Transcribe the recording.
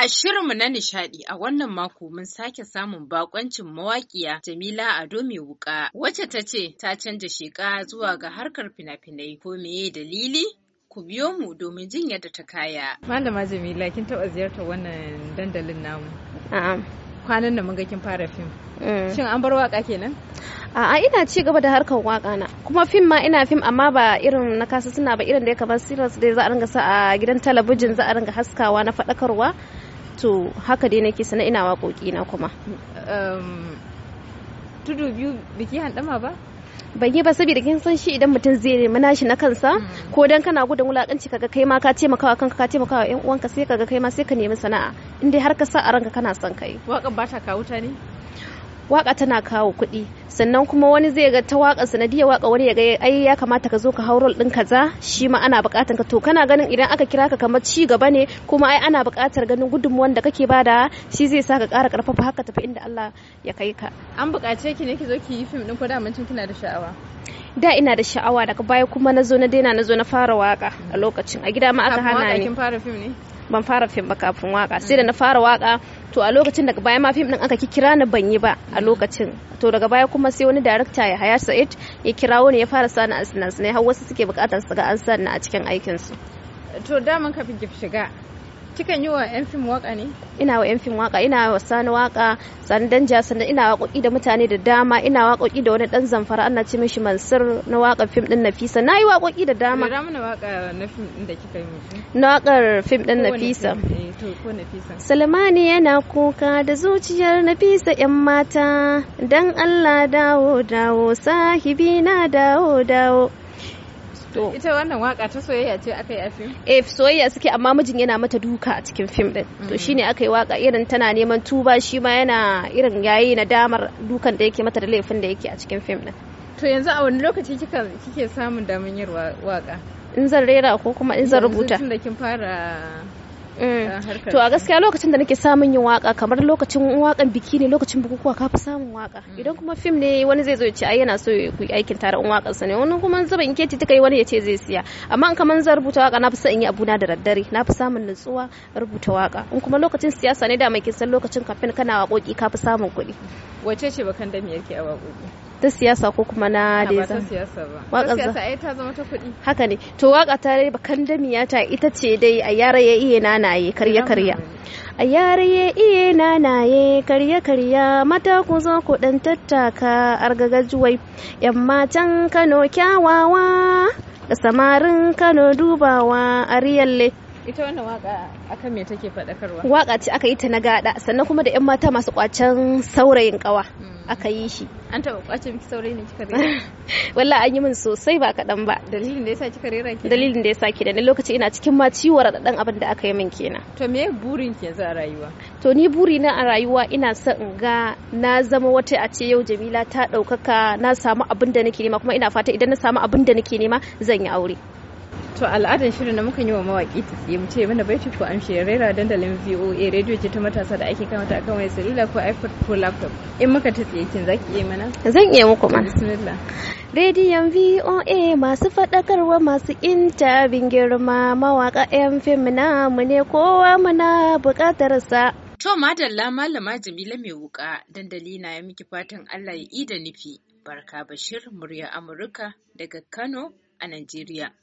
A shirinmu na nishaɗi, a wannan mako mun sake samun bakoncin mawaƙiya Jamila Ado mai wuƙa. wacce ta ce ta canja sheka zuwa ga harkar fina-finai ko meye dalili? Ku biyo mu domin jin yadda ta kaya. Malama Jamila kin taɓa ziyartar wannan dandalin namu? A'a. Kwanan da muga kin fara fim. Eh. Shin an bar waƙa kenan? A'a ina ci gaba da harkar waƙa na. Kuma fim ma ina fim amma ba irin na kasa suna ba irin da ya kamar serious dai za a ringa sa a gidan talabijin za a ringa haskawa na faɗakarwa. to haka dai nake sana ina waƙoƙi na kuma tudu biyu biki handama ba ban yi ba saboda kin san shi idan mutum zai nemi nashi na kansa hmm. ko dan kana gudun wulakanci kaga kai ma ka taimakawa kanka ka taimakawa yan uwanka sai kaga kai ma sai ka nemi sana'a in dai har ka sa a ranka kana son kai Waƙan ba ta kawo ta ne waka tana kawo kuɗi sannan kuma wani zai ga ta waka sanadiyar waka wani ya ga ai ya kamata ka zo ka haurol din kaza shi ma ana buƙatar ka to kana ganin idan aka kira ka kamar ci gaba ne kuma ai ana bukatar ganin gudunmuwan da kake bada shi zai sa ka ƙara ƙarfafa haka tafi inda Allah ya kai ka an buƙace ki ne ki zo ki yi fim din ko da kina da sha'awa da ina da sha'awa daga baya kuma na zo na daina na zo na fara waka a lokacin a gida ma aka hana ni ban fara fim ba kafin waka sai da na fara waka to a lokacin daga baya ma fim din aka kira ni ban yi ba a lokacin to daga baya kuma sai wani darakta ya haya sa'id ya kirawo ni ya fara sani a sinan ne har wasu suke bukatar su ga an sani a cikin aikinsu to da mun kafin ki shiga Kikan yi wa 'yan fim waka ne? Ina wa 'yan fim waka, ina wa sani waka, sani danja sannan ina waƙoƙi da mutane da dama, ina waƙoƙi da wani ɗan zamfara ana ce mishi Mansur na waka fim ɗin Nafisa. Na yi waƙoƙi da dama. Rera mana waka na fim din da kika yi Na wakar fim ɗin Nafisa. Eh, Salmani yana kuka da zuciyar Nafisa 'yan mata. Dan Allah dawo dawo sahibi na dawo dawo. ita wannan waka ta soyayya ce aka yi a fim eh soyayya suke amma mijin yana mata duka a cikin fim din to mm. shine aka yi waka irin tana neman tuba shi ma yana irin yayi damar dukan da yake mata da laifin da yake a cikin fim din to yanzu a wani lokaci kika kike samun damin yin waka in zan rera ko kuma in zan rubuta tun da kin fara Eh. to a gaskiya lokacin da nake samun yin waka kamar lokacin wakan biki ne lokacin bukukuwa ka fi samun waka hmm. idan kuma fim ne wani zai zo ya ce ai yana so ku yi aikin in wakan sa ne wani kuma zuba in keti kika wani ya ce zai siya amma in kamar zan rubuta waka na fi son in yi abuna da daddare na fi samun nutsuwa rubuta waka in kuma lokacin siyasa ne da mai ke san lokacin kafin kana wakoki ka fi samun kuɗi wace ce bakan da miyar a wakoki ta siyasa ko kuma na da ya zama ta siyasa ai ta zama ta kuɗi haka ne to waka ta dai bakan damiya ta ita ce dai a yara ya iya nana nanaye karya karya a yare iye nanaye karya karya mata ku zo ku dan tattaka argagajuwai yan matan kano kyawawa da samarin kano dubawa a riyalle ita wannan waka akan me take faɗakarwa waka ce aka yi ta na gada sannan kuma da yan mata masu kwacen saurayin kawa mm. aka yi shi an taba ƙwace miki saurayi ne kika rera wallahi an yi min sosai ba kaɗan ba dalilin da ya sa kika rera ke? dalilin da sa ke da ni lokaci ina cikin ma ciwo raɗaɗɗan abin da aka yi min kenan to me burin ki yanzu a rayuwa to ni buri na a rayuwa ina son in ga na zama wata a ce yau Jamila ta ɗaukaka na samu abin da nake nema kuma ina fata idan na samu abin da nake nema zan yi aure to al'adar shirin da muka yi wa mawaki ta mu ce mana baiti ko amshi rera dandalin VOA radio ce ta matasa da ake kamata akan wani salula ko ipod ko laptop in muka ta tsaye kin zaki iya mana zan iya muku mana bismillah Rediyon VOA masu faɗakarwa masu inta girma mawaka 'yan fim namu ne kowa muna buƙatarsa. To madalla malama Jamila mai wuka dandali na ya miki fatan Allah ya ida nufi. Barka Bashir murya Amurka daga Kano a Najeriya.